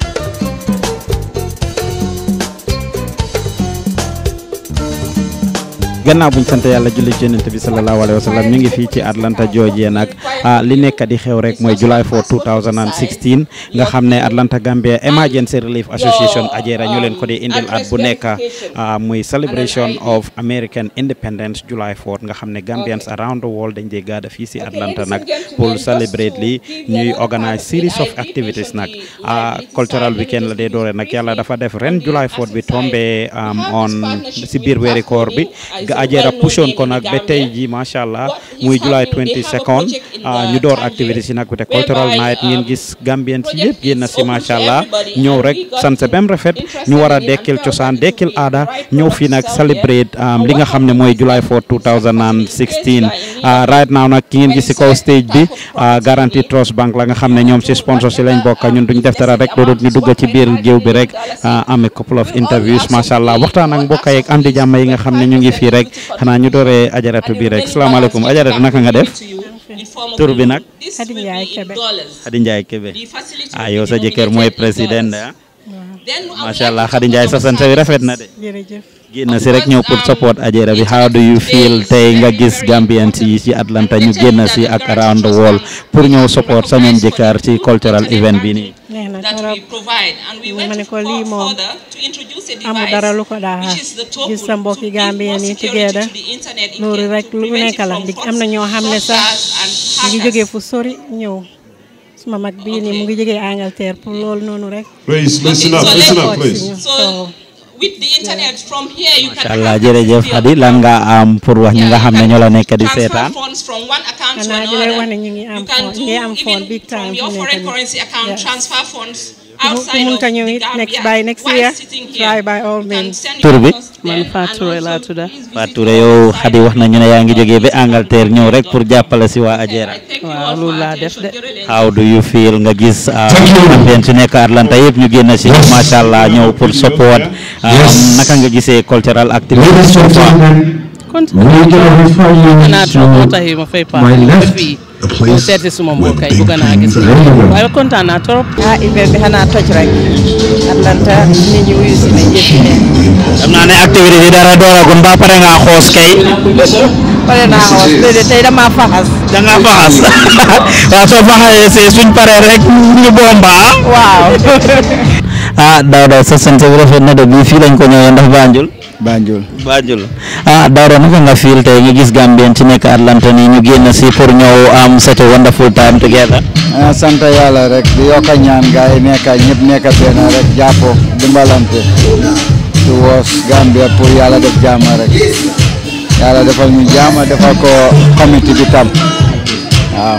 Thank you. gannaaw buñ sante yalla julli ci bi sallallahu alaihi wasallam ngi fi ci Atlanta Georgia nak ah, li nekk di xew rek moy July 4 2016 nga xamne Atlanta Gambia Emergency Relief Association ajera ñu leen ko di indil at bu nekk ah, moy celebration of American Independence July 4 nga xamne Gambians around the world dañ dey gaada fi ci Atlanta nak pour celebrate li ñuy organize series of activities nak ah, cultural weekend la dee doore nak yalla dafa def ren July 4 bi tombé um, on ci bir wéri koor bi Ajera pushon konak nag ba tey ji muy July 22nd ñu door activité ci nak wute cultural uh, night ngeen gis Gambien si yëpp génn si macha allah ñëw rek sanse bem rafet ñu wara a ciosan cosaan ada ñew fi nak celebrate li nga Mui moy July 4 2016 uh, right now nak ki gis ci ko stage bi uh, Guarantee Trust Bank la nga nyom ñom ci si sponsor ci lañ bokk ñun duñ def dara rek do ñu dugg ci biir bi rek am a couple of interviews macha allah waxtaan ak mbokay ak andi di yi nga xam ñu ngi fi rek rek xana ñu dooree ajaratu bi rek alaykum ajaratu naka nga def tour bi nak Hadi ndjay Kebe Hadi Ndiaye Kebe ah yow sa jeker moy président ah macha allah Hadi ndjay sa sant bi rafet na de jërëjëf ci rek ñew pour support ajera bi how do you feel tay nga gis gambian ci ci Atlanta ñu génn ci ak around the world pour ñew support sa ñoom jëkkër ci cultural event bi nii neex na trop ma ne further to introduce amul dara lu ko daa gis sa mbokki Gambien yi together loolu rek lu nekk la am na ñoo xam ne sax mu ngi jógee fu sori ñëw suma mag bi ni mu ngi jógee Angleterre pour loolu noonu rek. macha allah jërëjëf Hadi lan nga am pour wax ñi nga xam ne ñoo la nekk di seetaan. xanaa di lay am foon ñu ngi am foon big outside of the next by next year try by all means tour bi man Fatou la tuda Fatou yow xadi wax na ñu ne yaa ngi jógee ba Angleterre ñëw rek pour jàppale Ajera how do you feel nga gis ah, ambien su nekk Atlanta yëpp ñu génn si allah pour support ah, naka nga gisee cultural activity so far kontaan naa moo boo seeti suma mbokk yi bëgg naa gis waaye kontaan a trop. ah hiver bi a toj Atlanta nit ñi wuyu si nañ yëpp xam naa ne activité bi dara dooragum ba pare ngaa xoos kay. pare naa xoos déedéet tey damaa faxas. da ngaa faxas waaw soo suñ paree rek ñu bomba waaw. ah dawda session téléphone nade bi fi lañ ko ñëw ndax banjul banjul banjul ah dawda naka nga feel tay nga gis gambien ci nek atlanta ni ñu genn ci pour ñëw am such a wonderful time together ah santa yalla rek di yokka ñaan gaay nekk ñep nekk ben rek jappo dimbalante towards gambia pour yalla def jama rek yalla defal ñu jama defal ko community bi tam waaw ah.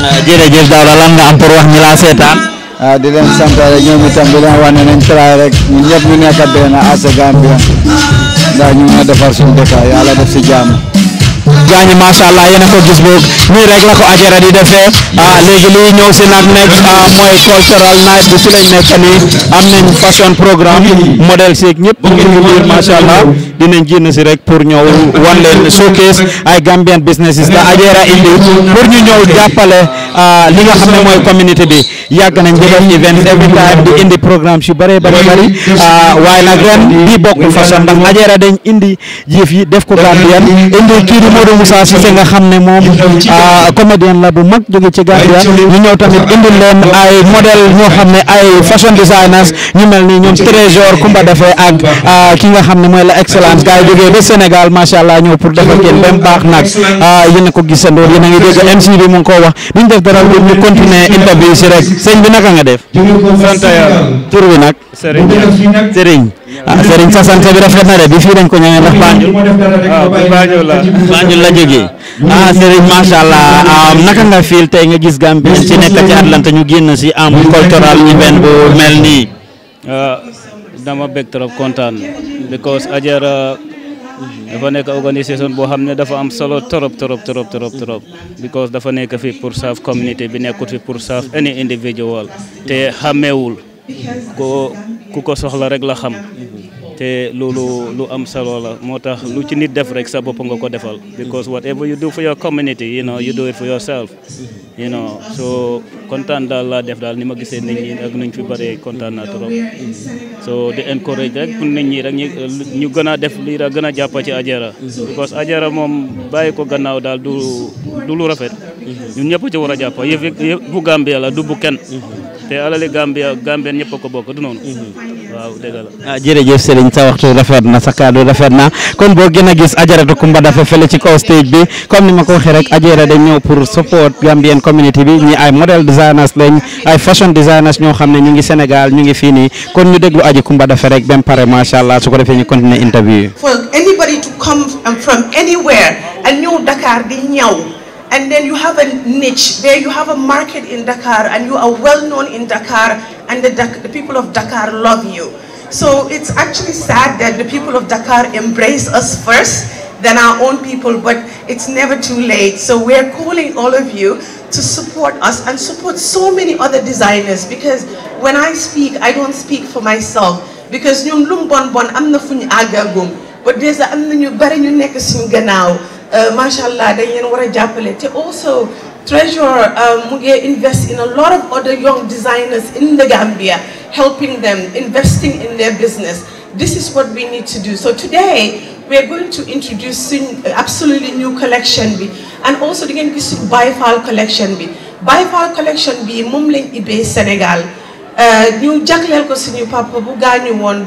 nah, jere jere dawda lan nga am pour wax ñi la sétane waaw ah, di leen sant rek ñoom itam di leen ñu ñu nekk benn as a Gambien ndax ñu mën a defar suñu dëkk yàlla def si jàmm. gaañu macha allah yéen a ko gis nii rek la ko Ajara di defee ah, léegi luy ñëw si nag nekk ah, mooy cultural night bi si lañ nekk nii am nañ fashion programme modèle seeg ñëpp ñu ngi biir macha allah dinañ génn si rek pour ñëw wan leen showcase ay Gambian businesses da Ajara indi pour ñu ñëw jàppale li nga xam ne mooy communauté bi. yàgg nañ di def event every time di indi programmes yu bëree bëri bëri ah, waaye nag ren bii bokkul façon ndax Ajera dañ indi jëf yi def ko Gambia indi kii di Modou Moussa Cissé nga xam ne moom ah, comédien la bu mag jóge ci Gambia ñu ñëw tamit indi leen ay modèle moo xam ne ay fashion designers ñu mel ni ñoom trésor Kumba defee ak ah, ki nga xam ne mooy la excellence gars yi jógee ba Sénégal macha allah ñëw pour defal kenn ba baax nag yéen a ko gisandoo yéen a ngi dégg MC bi mu ngi koo def dara lu ñu sëñ bi naka nga def. sant yàlla tur bi nag. Serigne ah Serigne sa sant bi rafet na de bi fii dañ ko ñëwee ndax Banjul. waaw ah, la Banjul la jógee. ah Serigne macha allah ah, naka nga fiil tey nga gis Gambien ci nekk ci Atlanta ñu génn si am cultural event bu mel nii. Ah, dama bëgg trop kontaan ajara dafa nekk organisation boo xam ne dafa am solo trop trop trop trop trop because dafa nekk fi pour saaf communauté bi nekkut fi pour saaf any individual te xàmmeewul ko ku ko soxla rek la xam te loolu lu am solo la moo tax lu ci nit def rek sa bopp nga ko defal because whatever you do for your community you know you do it for yourself you know so kontaan daal laa def daal ni ma gisee nit ñi ak nuñ fi bëree kontaan naa trop so di encourage rek ni ñi rek ñu gën a def lii rek gën a jàppa ci Ajara because Ajara moom bàyyi ko gannaaw daal du du lu rafet ñun ñëpp ci war a jàppa yëf bu Gambia la du bu kenn te alali Gambia Gambien ñëpp a ko bokk du noonu waaw dëgg la ah, jërëjëf Serigne sa waxtu rafet na sa kaddu rafet na kon boo gën a gis ajaratu Kumba dafa fële ci kaw stage bi comme ni ma ko waxee rek ajara dañ ñëw pour support Gambian community bi ñi ay model designers lañ ay fashion designers ñoo xam ne ñu ngi Sénégal ñu ngi fii nii kon ñu déglu aji Kumba dafa rek ba mu pare macha allah su ko defee ñu continuer interview for to come Dakar di ñëw and then you have a niche there you have a market in Dakar and you are well known in Dakar and the, the people of Dakar love you. So it's actually sad that the people of Dakar embrace us first than our own people, but it's never too late. So we're calling all of you to support us and support so many other designers because when I speak, I don't speak for myself because ñun lum bon bon am na fuñ but there's dèjà am na ñu bari ñu nekk suñu gannaaw euh, macha allah dañ leen war jàppale te also Treasurer um, Muge invests in a lot of other young designers in the Gambia, helping them, investing in their business. This is what we need to do. So today, we're going to introduce absolutely new collection B, and also di this gis suñu collection B. Bayfal collection B, Mumlin Ibe Sénégal New uh, jagleel ko papo papa bu gaañu woon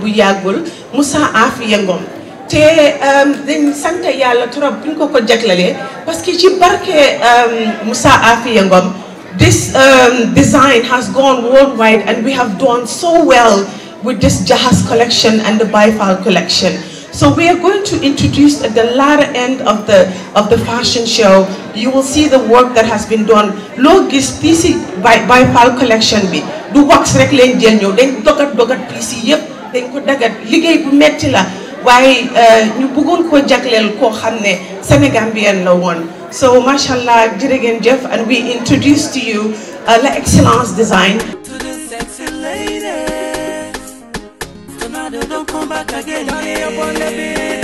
Musa Afi Moussa te um, dañ sant yàlla trop bu ñu ko ko jaglalee parce que ci barke um, Moussa Afia Ngom this um, design has gone worldwide and we have done so well with this Jahas collection and the Bifal collection. So we are going to introduce at the latter end of the of the fashion show. You will see the work that has been done. Loo gis piis by by collection bi du wax rek leen jël ñëw dañ dogat dogat piis yi yëpp dañ ko dagat liggéey bu metti la waaye euh, ñu bëggoon koo jagleel koo Sénégambien la woon so mashallah allah jërë and we introduce to you euh, la excellence design. Come back again.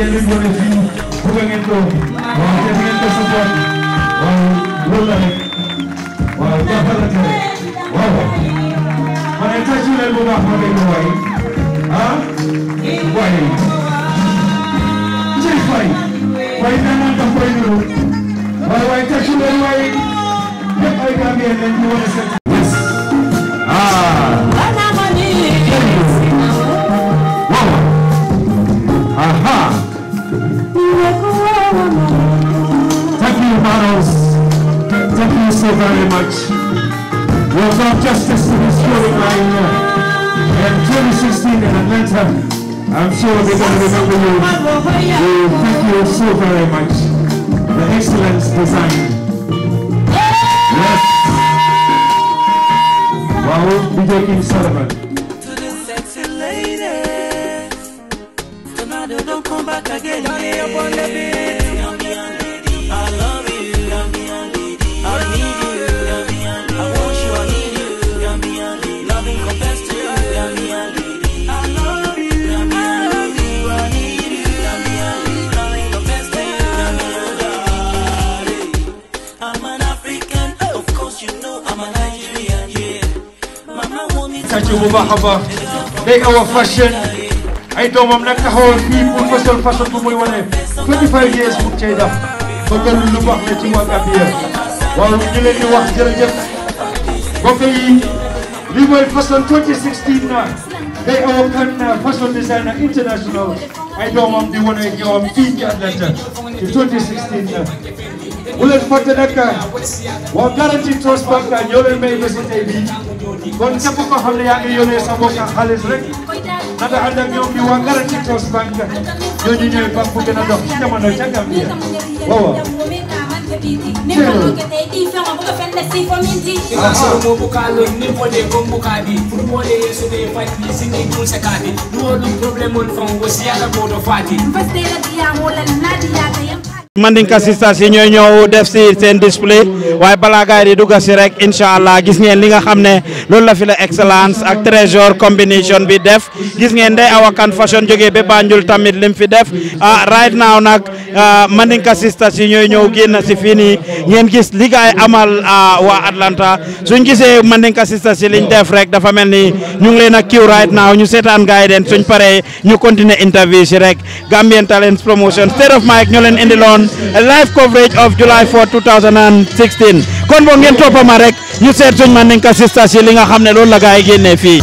seen i mbooloo fii bëgg ngeen ko waaw def ngeen ko sa bopp waaw loolu la rek waaw jàppalante rek waaw ma ne tàccu leen bu baax ma dégg waay ah waay ci fay waay nee naa daf koy niru waay waay tàccu leen waay ñëpp ay Gambien lañ ñu war a set. ah. so very much. We'll talk justice to this building right here. In 2016 in Atlanta, I'm sure they're going to remember you. Oh, we thank you so very much. The excellence design. Yes. Wow, DJ King Solomon. To the I love ci bu baax a baax day awa fashion ay doomam nag taxawal fii pour fësal façon bu muy wane 25 years mu cay def ba jarul lu baax la ci waa Gambia waaw ñu leen di wax jërëjëf mbokk yi lii mooy façon 2016 na day awa kan façon designer international ay doomam di wane ñëwam fii ci Atlanta ci 2016 na bu leen fàtte nag waa Guaranty Trust Bank ñoo leen may bési tey bii kon képp koo xam ne yaa ngi yónnee sa mbokk xaalis rek na nga ànd ak ñoom ni waa Guaranty Trust Bank ñooñu ñooy banque bu gën a dox ci jamono ca Gambia waaw waaw. Nipolo ke te ti fama buka fenda si for minti Ika so mo buka lo nipo de gom buka di Fumo de yesu de fight ni singi kun se kadi Nuo lu problem on fong wo si ala bodo fati Mfas de la dia mo la nadia te mandinka sisters yi ñooy ñëw def si seen display waaye balaa gaay di si rek incha allah gis ngeen li nga xam ne loolu la fi la excellence ak trésor combination bi def gis ngeen Ndeye Awa Kane fashion jógee ba Banjul tamit lim fi def ah, right now nag ah, mandinka sisters yi ñooy ñëw génn si fii nii ngeen gis li gaay amal ah, waa Atlanta suñ gisee mandinka sisters yi liñ def rek dafa mel ni ñu ngi leen a kiw right now ñu seetaan gaay den suñ paree ñu continuer interview si rek Gambian leen doon live coverage of July 4 2016 kon boo ngeen toppama rek ñu seet suñ man nañ ko sistas yi li nga xam ne loolu la gaa yi génnee fii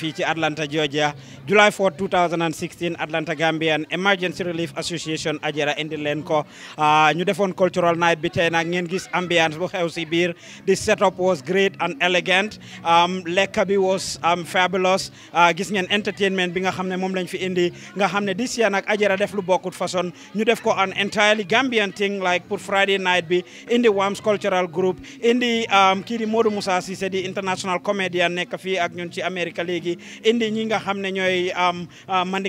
fii ci Atlanta Georgia July 4, 2016 Atlanta Gambian Emergency Relief Association ajara indi leen ko ah, cultural night bi tey nag ngeen gis ambiance bu This setup was great and elegant um, lekka was um, fabulous ah, gis ngeen entertainment binga hamne xam ne moom fi indi nga xam this year nag ajara def lu bokkut façon ñu an entirely Gambian thing like put Friday night be in the warm cultural group In the um, di Modou Moussa Cissé international comedian nekk fii America ñun ci Amérique léegi indi ñi Manding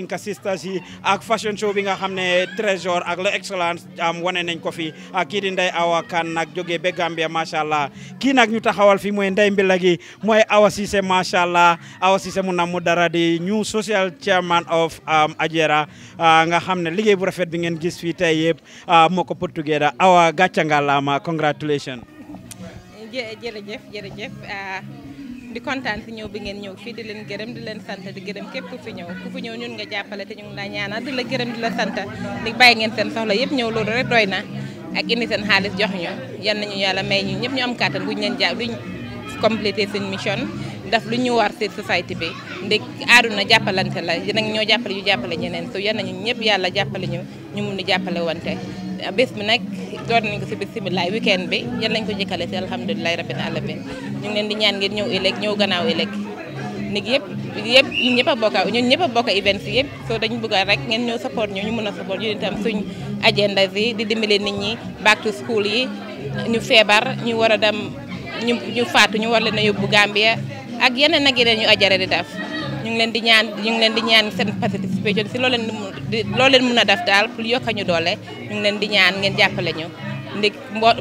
Mandinka sisters yi ak fashion show bi nga xamne ak le excellence am wane nañ ko fi ki di nday Awa kan nak jógee be Gambia machallah ki nak ñu taxawal fi moy nday Mbila lagi, moy Awa Ceesay machallah Awa mu namu dara di new social chairman of Ajera ah, nga xamne ne liggéey bu rafet bi ngeen gis fi tay yeb ah, moko put together Awa gàcce nga congratulations. jere eh, jef di kontaan si ñëw bi ngeen ñëw fii di leen gërëm di leen sant di gërëm képp ku fi ñëw ku ñëw ñun nga jàppale te ñu ngi la ñaanal di la gërëm di la sant di bàyyi ngeen seen soxla yëpp ñëw loolu rek doy na ak indi seen xaalis jox ñu yan nañu yàlla may ñu ñëpp ñu am kàttan buñ leen jàpp duñ complété seen mission daf lu ñu war si société bi ndég aaduna jàppalante la nag ñoo jàppale ñu jàppale ñeneen so yan nañu ñëpp yàlla jàppale ñu ñu mun di jàppale wante bis bi nag door nañ ko bis bisimilah weekend bi yalla lañ ko jëkkale ci alhamdullilah rabbil alamin ñu ngi leen di ñaan ngeen ñew ëllëg ñew gannaaw ëllëg nit yépp yépp ñun ñëpp a bokk ñun ñëpp bokk event yépp so dañ bëgg rek ngeen ñew support ñu ñu mëna support ñu tam suñ agenda yi di dimbale nit ñi back to school yi ñu febar ñu wara dam ñu ñu faatu ñu war leen a yóbbu Gambia ak yeneen ak yeneen ñu ajare di def ñu ngi leen di ñaan ñu ngi leen di ñaan seen participation si loo leen loo leen mën a def daal pour yokk ñu doole ñu leen di ñaan ngeen jàppale ñu ndik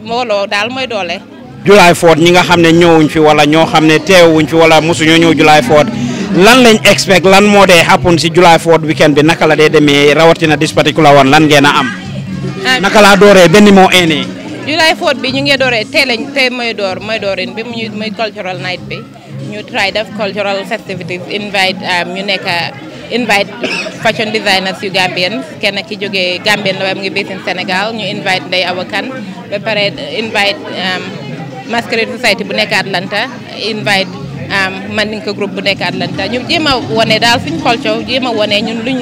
mbooloo daal mooy doole. July Fourth ñi nga xam ne ñëwuñ fi wala ñoo xam ne teewuñ fi wala mosuñoo ñëw July Fourth lan lañ expect lan moo dee happen si July Fourth weekend bi naka la dee demee rawatina this particular one lan ngeen a am. Ah, naka laa dooree benn moo eenee. July Fourth bi ñu ngi dooree tee lañ door may door mooy dooreen bi muy cultural night bi. ñu try def cultural festivities invite um, ñu nekk invite fashion designers yu Gambians kenn ki jógee Gambien la waaye mu ngi based in Sénégal ñu invite Ndeye Awa Kane ba pare invite um, Masquerade Society bu nekk Atlanta invite um, Mandinka groupe bu nekk Atlanta ñu jéem a wane daal suñ culture jéem a wane ñun luñ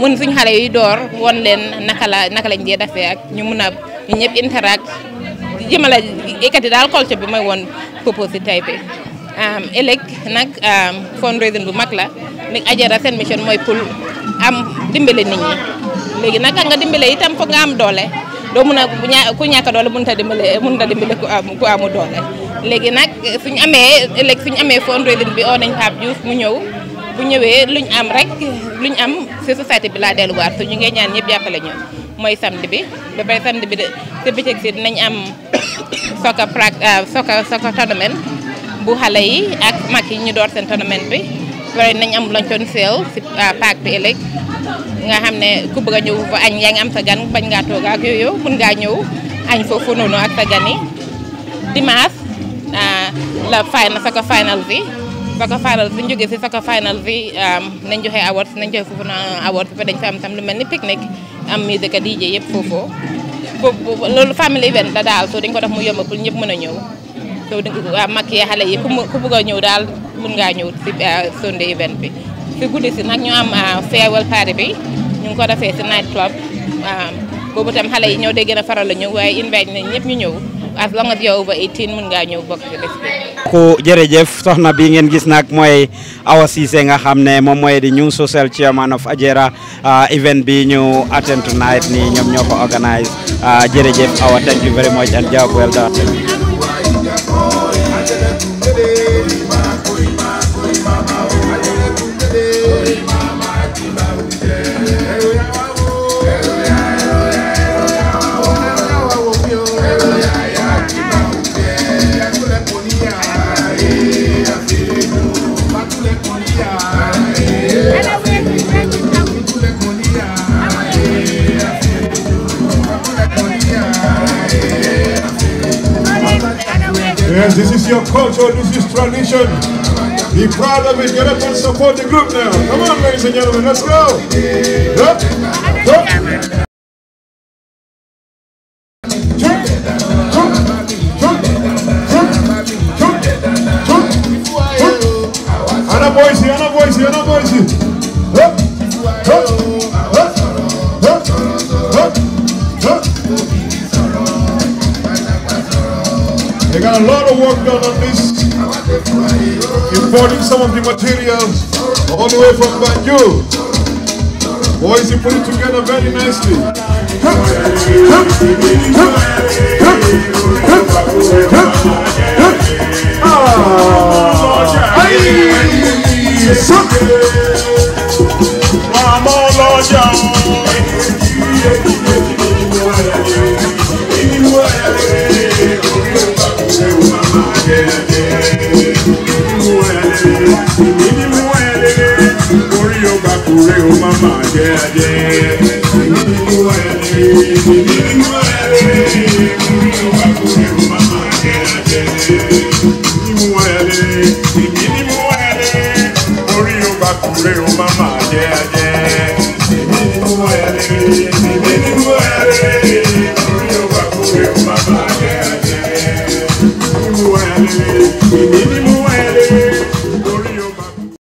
mun suñ xale yuy door won leen naka la naka lañ dee defee ak ñu mun a ñu ñëpp interact jéem a la ekkati daal culture bi mooy woon proposé tey bi ëllëg nag fundraising bu mag la ni Ajara seen mission mooy pour am dimbale nit ñi léegi nag nga dimbale itam foog nga am doole doo mun a ku ñàkk doole mënut a dimbale mënut a dimbale ku am ku amu doole. léegi nag suñu amee ëllëg suñu amee fundraising bi oo nañ mu ñëw bu ñëwee luñ am rek luñ am si société bi laa delluwaat te ñu ngi ñaan ñëpp jàppale ñu mooy samedi bi ba pare bi de te bëccëg si dinañ am soccer prac ah, soccer soccer tournament bu xale yi ak mag yi ñu door seen tournament bi pare nañ am luncheon sale si parc bi ëllëg nga xam ne ku bëgg a ñëw fa añ bañ ngaa toog ak yooyu ñëw añ foofu noonu ak sa gan yi dimanche ko final bi sa ko final bi ñu jógee si sa ko final bi nañ joxe awards nañ joxe foofu noonu awards ba dañ fa am tam lu mel ni pique-nique am musique DJ yëpp foofu boobu loolu family event la daal soo dañ ko def mu yomb pour ñëpp mën a ñëw soo waa Makia xale yi ku mu ñëw daal ngaa ñëw si euh, Sunday event bi. si guddi euh, bi ñu ko defee si tam xale yi ñoo dee a faral a ñëw waaye invite nañ ñu ñëw as long as yow ba 18 ngaa ñëw jërëjëf soxna bi ngeen gis nag mooy Awa Ceesay nga xam ne moom mooy di new social chairman of Ajera euh, event bi ñu attend tonight nii ñoom ñoo ko organise jërëjëf Awa thank you very much and job well done. this is your culture, this is tradition. Be proud of it, get up and support the group now. Come on, ladies and gentlemen, let's go. Up, up. Ana Boise, Up. a lot of work done on this. Importing some of the materials all the way from Banjul. Boys, you put it together very nicely. Mama Lord John. real mama, yeah, yeah.